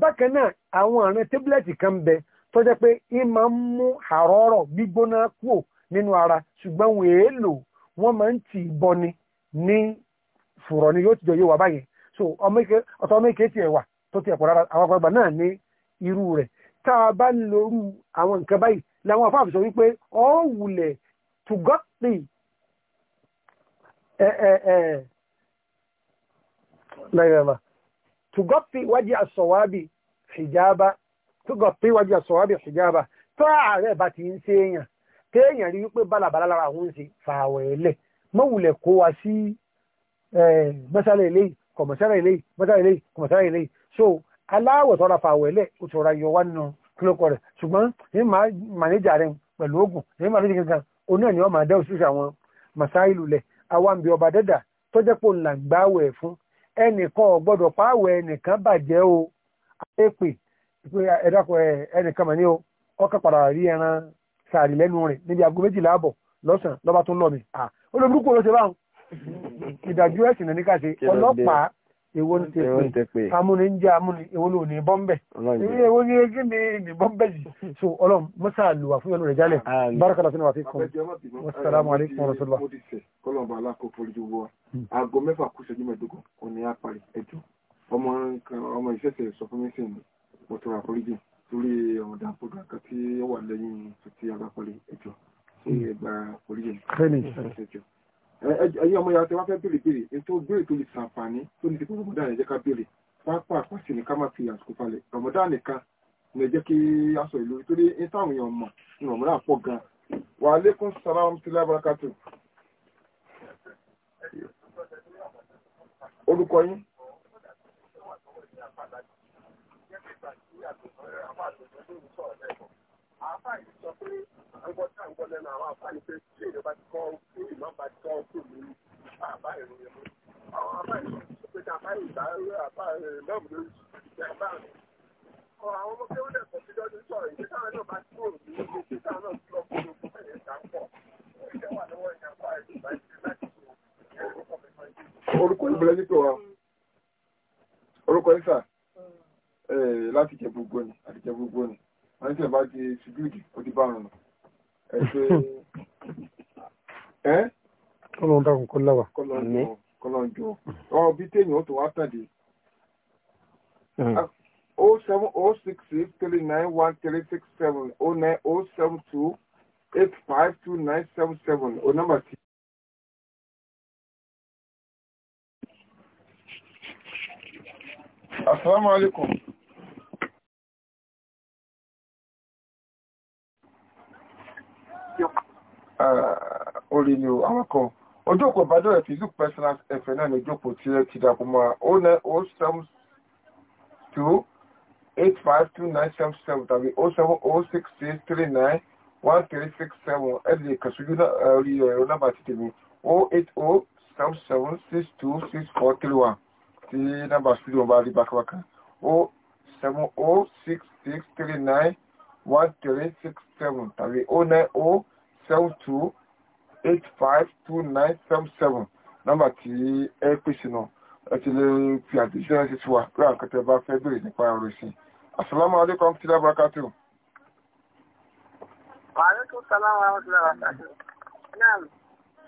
bákan náà àwọn àrùn tébúlẹ̀tì kan bẹ tó jẹ́ pé ń máa ń mú àrọ́rọ̀ gbígbóná kúò nínú ara ṣùgbọ́n wèé lò wọ́n máa ń tì í bọni ní fùrọ̀ ni yóò ti jọ yóò wà báyẹn so ọ̀tọ̀ ọmọ èké tiẹ̀ wà tó tiẹ̀ pọ̀ rárá àwọn àgbàgbà náà ní irú rẹ̀ tá a bá ń lorú نعم تغطي وجه الصواب حجابا تغطي وجه الصواب حجابا táàrẹ̀ bá ti ń ṣe èèyàn téèyàn rí wípé bálàbàlà lára àwọn ń ṣe fààwẹ̀ ẹ̀lẹ̀ mọ́wùlẹ̀ kó wa sí mọ́sálẹ̀ eléyìí kọ̀mọ̀sálẹ̀ eléyìí mọ́sálẹ̀ eléyìí kọ̀mọ̀sálẹ̀ eléyìí so aláwẹ̀ tọ́ra fààwẹ̀ ẹ̀lẹ̀ ó tọ́ra yọ wá nù kílókọ̀ rẹ̀ ṣùgbọ́n ní màá mànéjà rẹ̀ pẹ̀lú oògùn ní àwọn àmì ọba dẹ́dà tó jẹ́ pò ńlá gbáwẹ̀ fún ẹnìkan ò gbọ́dọ̀ pààwẹ̀ ẹnìkan bàjẹ́ o àpèpè pé ẹ̀dàkọ̀ ẹnìkan màní o ọkàn padà rí ẹran sàárì lẹ́nu rẹ̀ níbi aago méjìlá àbọ̀ lọ́sàn-án lọ́ba tó ń lọ mi olóbùrúkú ló ṣe báwọn ìdájọ́ ẹ̀sìn ní ká ọlọ́pàá èwo ní tẹpẹ amúni ń jẹ amúni èwo ló ní bọ́m̀bẹ̀ èwo ní egi ní ní bọ́m̀bẹ̀ yìí so ọlọ́run mọ́sá lu wà fún ẹnu rẹ̀ jálẹ̀ bárakàlá sínú àfi kún wasalaamu aleykum wa rahmatulah. kọlọmọba aláko foríjú wọ hmm. aago mẹ́fà kù ṣẹ́jú mẹ́ẹ̀ẹ́dógún òní apari ẹjọ́ ọmọ ọmọ ìṣẹ̀ṣẹ̀ sọ fún mi sí ni mo tọrọ àforíjì torí ọ̀dà àpòdà kan tí ó wà lẹ́yìn tuntun alápọ̀lẹ̀ ẹjọ́ ṣé ẹgbàá àforíjì ẹjọ́ ẹ̀yin ọmọ yàrá tí wọ́n fẹ́ béèrè béèrè ètò béèrè tó lè ṣàǹfààní tó lè fi kó rọmọdán ẹ jẹ́ ká béèrè pápá àpàṣẹ ní ká má fi àsìkò falẹ̀ rọmọdán nìkan ní ẹ jẹ́ kí a sọ ìlú torí ní táwọn èèyàn mọ̀ ní rọmọdán pọ̀ gan wa alaikum salaam tí lábàrákàtù. orúkọ yín. Thank you àáfàá yìí sọ pé àwọn tá à ń gbọ́ lẹ́nu àwọn àáfàá yìí pé tí èèyàn bá ti kọ́ kí ìmọ̀ bá ti kọ́ kó lórí àbá ìròyìn mọ́. àwọn àbá yìí sọ pé àbá ìgbà àbá lọ́ọ̀bù lórí ìjà àbá rẹ̀. àwọn ọmọ kéwọ́n dẹ̀ sọ sí lọ́dún sọ̀rọ̀ ìgbé táwọn náà bá kúrò ní ìgbé táwọn náà ti lọ kúrò fún ẹ̀yẹ ìdánpọ̀. orúkọ ìbílẹ̀ nípò wa orúkọ ìfà mm. láti jẹ gbogbo ni àti jẹ gbogbo ni wọ́n tẹ̀ bá ti ṣùgbìdì ó ti bá rùn ẹ̀ ṣe ẹ́ kọ́lọ́n dákun kọ́ láwà kọ́lọ́n jọ ọ́ bí téèyàn ó tó wá tàdé hmm. ah, o oh seven o oh six six three nine one three six seven o oh nine o seven two eight five two nine seven seven o nọ́mbà tí. asalaamualeykum. orí ah, ni awakọ̀ ojú òpó ìbádọ́ fìzú personal ẹ̀fẹ̀ náà ní ìjókòó tí ẹ ti dàpọ̀ mọ́ o nine o seven two eight tàbí o ẹ̀dì kàṣojú orí ẹ̀rọ nọ́mbà ti tèmi o eight o oh seven seven six bá rí bákàbákà o oh tàbí o seven two eight five two nine seven seven nọ́mbà tí ẹ pèsè náà ẹ ti lè fi àdéhùn ẹ sì ti wà lórí àkàtà ẹ bá fẹ́ béèrè nípa ọ̀rọ̀ ìsìn asalaamu aleykum tí lábàá ká tó. wàhálẹ́kùn sálámù àwọn ọ̀sán àwọn àṣàṣe náà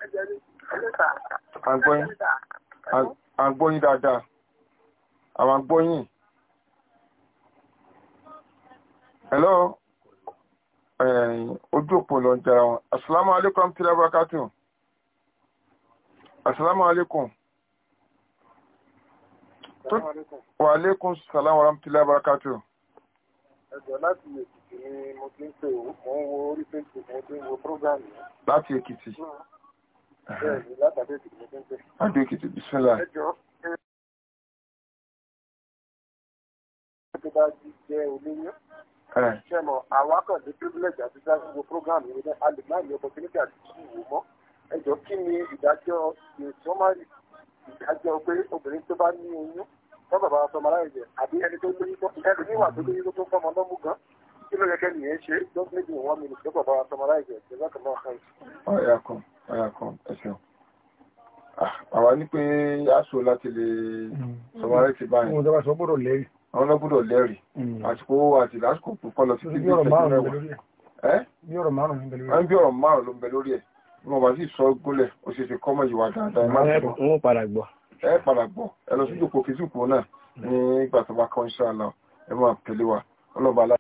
ẹ̀jẹ̀ mi ẹ̀jẹ̀ sà. àgbọ̀yìn dáadáa àwọn Hello. hello ojú òpó lọ jara wọn assalamu alaikum tí lẹ́bàá kátó assalamu alaikum wa alaikum salamu alaikum tí lẹ́bàá kátó ẹjọ́ láti èkìtì ni mo ti ń pè ó mo ń wo orí láti èkìtì bẹ́ẹ̀ látàdé èkìtì mo ti ń pè láti èkìtì bisimilá ṣẹ́mọ̀ àwọn akọ̀dé privilege àti gbogbo program yìí ní alimami opportunity àti ìwò mọ́ ẹjọ́ kí ni ìdájọ́ ìsọmárì ìdájọ́ pé obìnrin tó bá ní oyún tó bàbá ọmọ aláìjẹ àbí ẹni tó lóyún tó ẹni níwà tó lóyún tó fọmọ náà gan kí ló yẹ kẹ́ni yẹn ṣe don't make me one minute tó bàbá ọmọ aláìjẹ ìjọba kan náà hàn. ọ̀yà kan ọ̀yà kan ẹ ṣeun ah, àwa àwọn lọ́gbọ́dọ̀ lẹ́rìí hmm. àsìkò àti lásìkò púpọ̀ lọ sí kíbi ìṣẹ́jú mẹ́wàá ẹ́ bí ọ̀rọ̀ márùn-ún ló ń bẹ lórí ẹ̀ wọn bá sì sọ gólẹ̀ ó ṣe ṣe kọ́mọ̀ ìwà dáadáa ẹ má sọ wọn padà gbọ́ ẹ padà gbọ́ ẹ lọ sí ìjòkó kìsìkò náà hmm. ní ìgbà tó bá kọ́ ń ṣàlà ẹ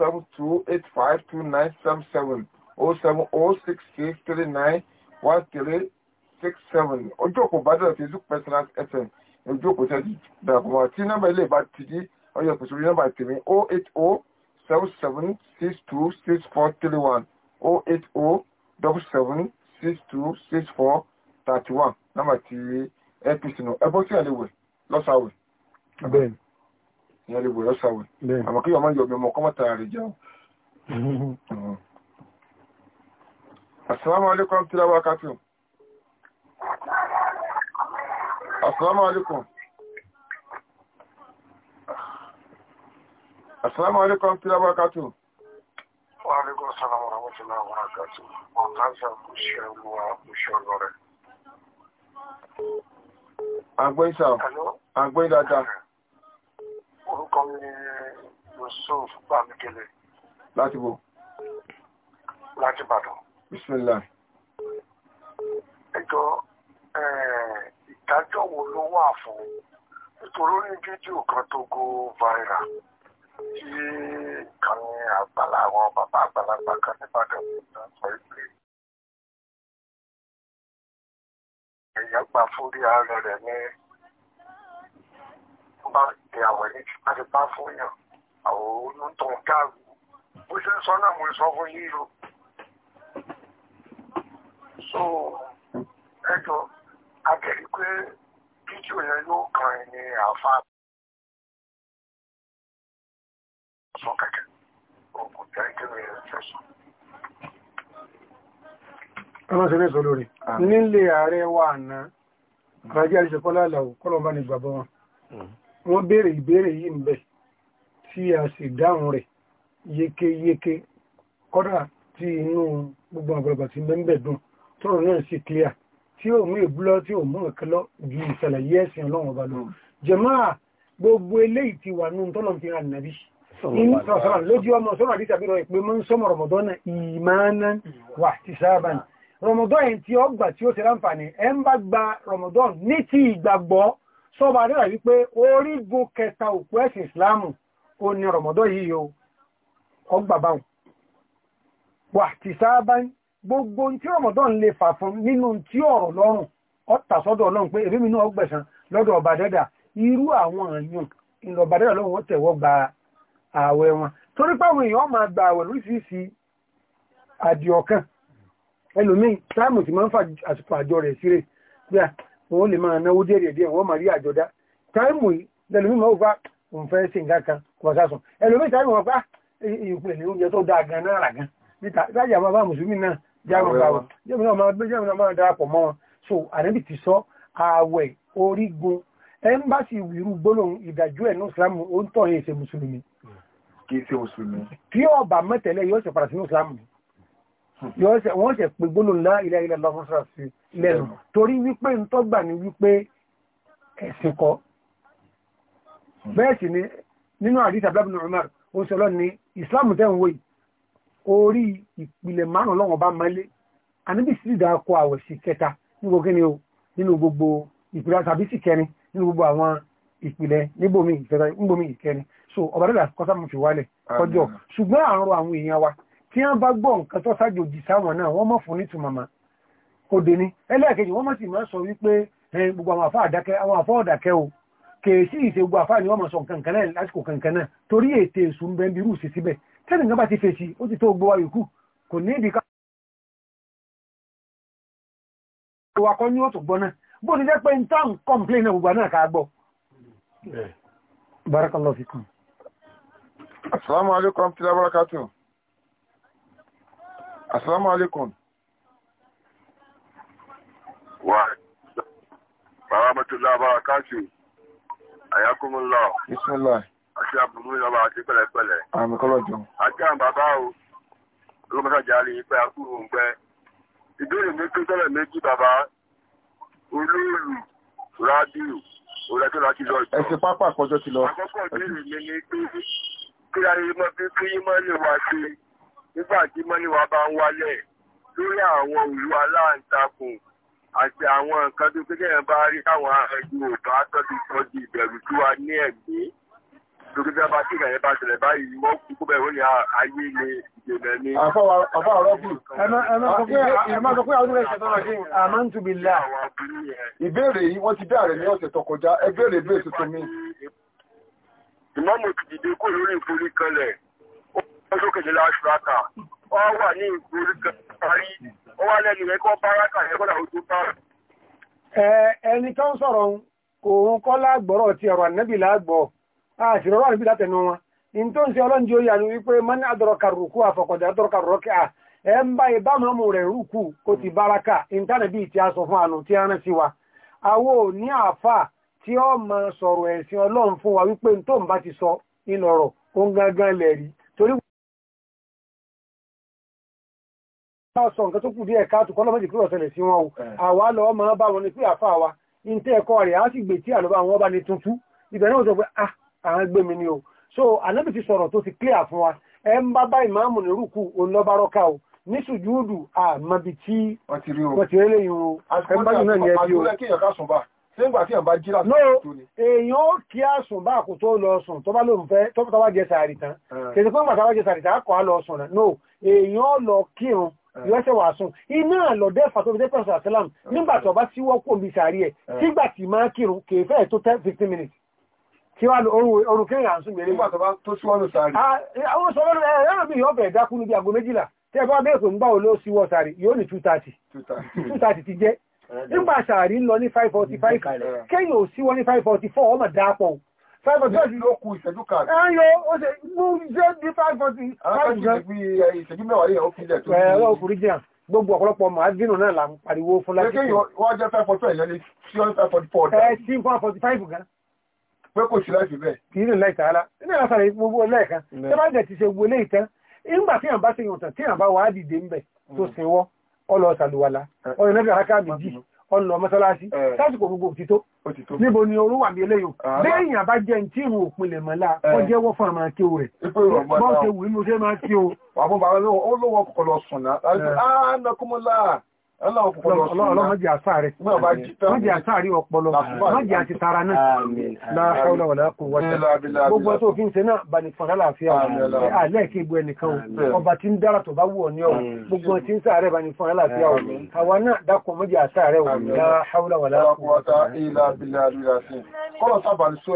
seven two eight five two nine seven seven oh seven oh six six three nine one three six seven ojú òkú bàdàn facebook personal fm ojú òpó sẹ́jú darapọ̀ mọ́ tí nọ́mbà ilé bá ti di ọyọ pèsè orí nọ́mbà tèmi o oh eight o oh seven seven six two six four three one o oh eight o double seven six two six four thirty one nọ́mbà ti apc nù ẹ bọ́ sí àlewẹ̀ lọ́sàwẹ̀. bẹ́ẹ̀ni. ìyẹn àlewẹ̀ lọ́sàwẹ̀. bẹ́ẹ̀ni àmọ́ kí ọmọ yọ̀bẹ̀ mọ́ kọ́mọ́tà rẹ̀ jẹun. asalaamualeykum tí wàá wá kátó. Assalamu alaikum. Assalamu alaikum tí lọ́wọ́ kátó. Wa alaikum salam wa rahmatullahi wa barakatuh. Mọ̀tánṣà kò ṣe olúwa kò ṣe ọlọ́rẹ̀. Àgbẹ́ ìsà, àgbẹ́ ìdájá. Orúkọ mi ni Yusuf Bamikele. Láti bò. Láti Bàdàn. Bismillah. Ẹjọ́ ẹ̀ẹ́ ìdájọ́ wo ló wà fún nítorí ní fídíò kan tó go viral tí kan ní àgbàlá àwọn bàbá àgbàlagbà kan nìbàdàn tó ń sọ ìpè. èèyàn gba fúrí ara rẹ̀ ní bá ti àwẹ̀ ní tipátipá fún yàn àwọn olóńtàn gáàrú bó ṣe sọ náà mo sọ fún yíyó. so ẹjọ́ àtẹ̀rí pé fídíò yẹn yóò kan ẹni àfa sọ kẹ̀kẹ́ òkú jẹ́ ìkẹ́lẹ̀ yẹn fẹ̀sùn. ọlọ́sẹ̀ ní sọ lórí nílé ààrẹ wa àná àràjì àríṣẹ́kọ́lá àlàó kọ́lọ̀ bá ní gbàgbọ́ wọn hmm. wọ́n béèrè ìbéèrè yìí ń bẹ tí a sì dáhùn rẹ̀ yékéyéké kọ́dà tí inú gbogbo àgbàlagbà ti mẹ́ńbẹ̀ dùn tọ́rọ̀ náà sì clear tí ò mú ìbúlọ́ tí ò mú nǹkan lọ ju ìṣẹ̀lẹ̀ yẹ́ ẹ̀sìn ọlọ́run ọba lọ jàmáà gbogbo eléyìí ti wà nínú tọ́lọ̀ fi hàn nàbí lójú ọmọ sọ́nà àdíjà bí rọ̀ ìpé mọ́ ń sọmọ rọmọdọ́nà ìmánan wà ti sáàbàn rọmọdọ́n yìí tí ó gbà tí ó ti ráǹfààní ẹ ń bá gba rọmọdọ́n ní ti ìgbàgbọ́ sọ́ba rẹ̀ wípé orígun kẹta òpó ẹ̀sìn ìsìláàmù ó ní rọmọdọ́n yìí yóò ọgbà báwọn wà ti sáàbàn gbogbo tí ọmọdán lè fà fún nínú tí ọ̀rọ̀ lọ́rùn ọ̀tà sọ́dọ̀ ọlọ́run pé èmi náà gbẹ̀sán lọ́dọ̀ ọba dẹ́dà irú àwọn àyàn ìlọ ọba dẹ́dà lọ́wọ́ tẹ̀wọ́ gba ààwẹ̀ wọn torí páwọn èèyàn máa gba ààwẹ̀ lóríṣiríṣi àdìọ̀kan ẹlòmíì táìmù tí máa ń fa àsìkò àjọ rẹ̀ síre bí wọ́n lè máa náwó díẹ̀ díẹ̀ wọ́n máa rí àjọdá táìmù lẹ́lòmíì máa ń fa òun fẹ́ sí nǹkan kan kọ̀ọ̀sásùn ẹlòmíì táìmù wọn pa ah, ìpè ní oúnjẹ tó dáa gan náà rà gan níta láyé àwọn bàbá mùsùlùmí náà jágbàgbà jẹ́mi náà máa gbé jẹ́mi náà máa darapọ̀ mọ́ wọn so ànábì ti sọ ààwẹ̀ orígun ẹmbásì ìwìrú gbólóhùn ìdájú ẹ̀ ní ìsìlámù ó ń tọ̀ yẹn ṣe mùsùlùmí. kì í ṣe mùsùlùmí. kí ọba mẹ́tẹ̀lẹ́ yóò ṣe padà sínú ìsìlámù wọ́n ṣe pé gbólóhùn lá ilẹ̀ ilẹ̀ lọ́fọ́sọ́rọ̀ sí lẹ́nu torí wípé ntọ́gbà ni wípé ẹ̀sìn kọ́ bẹ́ẹ̀ sì ni nínú àdìsí abúlábùnú Umar ó sọ lọ́ni ìsìlámù tẹ́ ń wòyí orí ìpìlẹ̀ márùn lọ́wọ́n bá mọ́lé àníbì sí ìdá akọ àwẹ̀ sí kẹta nínú kíni o nínú gbogbo ìpìlẹ̀ tàbí sí kẹrin nínú gbogbo àwọn ìpìlẹ̀ níbòmí ìfẹ́ta níbòmí ìkẹrin so ọba dọ́là kọ́sá mo fi wálẹ̀ kọjọ ṣùgbọ́n àrùn àwọn èèyàn wa tí wọ́n bá gbọ́ nǹkan tó ṣáájú òjì sáwọn náà wọ́n mọ̀ fún nítumọ̀ mọ́ kò dé ní ẹlẹ́ẹ̀kejì wọ́n mọ̀ sì máa sọ wípé gbogbo àwọn àfáà dákẹ́ àwọn àfáà dákẹ́ o kèèsì ìṣègbò àfáà ni wọ́n mọ̀ sọ nǹkan kan náà lásìkò kankan náà torí ètè èṣù ń bẹ́ẹ̀ bí irú sí síbẹ̀ tẹ́lẹ̀ nígbà ti fèsì ó ti tó gbọ́ ìkú kò ní ìdíkà ìwà kan ní òtò gbọ́nà bó ti jẹ́ pé ń tán kọ́mplé náà gbogbo náà ká gbọ́ barakallahu fikum assalamu alaikum tí lábárakátù assalamu alaikum wà bàbá bàtúlá bàbá káàkiri àyákùnmùlá bismillah àti àbùrú ìjọba àti pẹ̀lẹ́pẹ̀lẹ́. àmì kọ́lọ̀ jọ. àti àwọn bàbá o olùmọ̀sájà rí i pé a kú òun pẹ́. ìbéèrè mi pé tẹ́lẹ̀ méjì bàbá olóòlù rádìò òrẹ́tò láti lọ ìjọ. ẹ̀sìn pápá àkọ́jọ ti lọ. àkọ́kọ́ ìbéèrè mi ni pé kí ayé mọ bí kí mọ́lẹ̀ wá sí nígbà tí mọ́lẹ̀ wá bá ń wálẹ̀ lórí àwọn òru aláǹtakùn àti àwọn nǹkan tó kékeré bá rí táwọn ẹni ò bá tọ́jú tọ́jú ìbẹ̀rù tí wà ní ẹ̀gbẹ́ torí bí a bá kíkà yẹn bá ṣẹlẹ̀ báyìí wọ́n kú kú bẹ́ẹ̀ wọ́n ní ayé ni ìgbèlè ni. àfọwọ́ ọlọ́bù ẹ máa sọ pé àwọn ọdún ẹ̀ṣẹ̀ tọ́lá sí àmántùbílà ìbéèrè yìí wọ́n ti bẹ̀rẹ̀ ní ọ̀sẹ̀ tó kọjá ẹ béèrè ìbéèrè tuntun mi. ìmọ̀mù ti dìde kó lórí ìforí kanlẹ̀ ó wọ́n sókè ní láṣùrákà ó wà ní ìforí kan parí ó wà lẹ́nu rẹ̀ kọ́ bárákà yẹn kọ́lá ojú bá. ẹni tó ń sọ̀rọ̀ òun kọ́ lágbọ́rọ̀ ti ọ̀rọ̀ ànábì lágbọ́ọ̀ a àrùbí látẹnu wọn in tó ń ṣe ọlọ́njẹ́ ó yàní wípé mọ́ní àdọ̀rọ̀kà rùkú àfọkọ̀dà àdọ̀rọ̀kà rọ̀kẹ́ à ẹ ń bá ibá rẹ̀ ti a fún àánú tí a rán sí wa àwo ní àfà tí ó mọ sọ̀rọ̀ ẹ̀sìn ọlọ́run fún wa wípé tó ń ti sọ ìlọ̀rọ̀ ó gangan lẹ̀ rí torí sọ nǹkan tó kù o eh. àwọn gbé mi ni o so anábì ti sọ̀rọ̀ tó ti clear fún wa ẹ ń bá bá ìmáàmù ní rúkú onlọ́bárọ́ká o ní sùjúùdù àmọ́bi tí wọ́n ti rélé yìí o ẹ ń bá yìí náà ní ẹbí o. Nígbà tí àbá jíra tó tó ni. Èèyàn ó kí àsùn bá kò tó lọ sùn tó bá lóun fẹ́ tó bá jẹ sàárì tán. Eh. Kèsì pé màtá jẹ sàárì tán á kọ́ á lọ sùn náà. No, èèyàn ó lọ kírun ìrẹsẹ̀ eh. wà sùn iná lọ́dẹ́ fàtọ́bí pẹ̀sọ̀ àsálàm eh. nígbà tó bá síwọ́ kò bí sàárì ẹ̀ sígbà tí máa kírun kèéfẹ́ tó 10 15 minutes kí wá lọ orun kéèyàn ń sún mẹ́rin nígbà tó bá tó síwọ́nù sáré. Ah, àwọn sọ lọ́nà eh, ẹ̀rọ mi yóò bẹ̀ẹ̀ dákú níbi àgọ́ méjìlá tẹ́ bá bẹ́ẹ̀ pé ń gbà olóò síwọ́ sáré yóò ní 230 230 ti jẹ́ nígbà sáré ń 545 kéèyàn ò síwọ́ ní 544 ọmọ dápọ̀ 540 ló kù ìṣẹ́jú kan. ẹyọ ah, ó ṣe mú jẹ́ bí 540. àwọn kan jẹ́ bí eh, ìṣẹ́jú mẹ́wàá lè ó fi ilẹ̀ tó. ẹ̀rọ òkùnrin jẹ́ gbogbo ọ̀pọ̀lọpọ̀ màádínù náà là ń pariwo fún láti. kéèyàn wọ́n jẹ́ 542 ẹ̀yọ́ ní 544. ẹ̀ eh, sí 545 gan pé kò sí láti bẹ́ẹ̀. kì í lè láì tààlà nínú àwọn àṣàrà gbogbo lẹ́ẹ̀kan tí wọ́n jẹ́ ti ṣe gbogbo léyìí tán nígbà tí yàn bá ṣe yàn tán tí yàn bá wà á dìde ńbẹ̀ tó mm. sin wọ́ ọlọ ṣàlùwàlà eh. ọyàn náà fìhàkà méjì ọlọ mm-hmm. mọ́sálásí eh. sásìkò gbogbo òtítọ́ níbo ni orú wà mí eléyìí lẹ́yìn ah. àbá jẹ́ tí ìrù òpin lè mọ́lá eh. wọ́n jẹ́ wọ́n fún àmà kí o rẹ̀ bọ́ọ̀ ṣe wù ú ní mo ṣe máa kí o. àwọn bàbá olówó kọkọ lọ sùn náà ah, Ọlọ́mọdé àsáàrí, mọ́jẹ́ àsáàrí ọpọlọ, mọ́jẹ́ àti tara náà, láàá ọlọ́wọ̀ láàkù wọ́tẹ̀. Gbogbo tó fi ń ṣe náà bà ní fọ̀nà láàfíà, àlẹ́ẹ̀kì ìgbò ẹnìkan, ọba tí ń dára tó bá wù ọ ní ọ, gbogbo tí ń sáàrẹ bà ní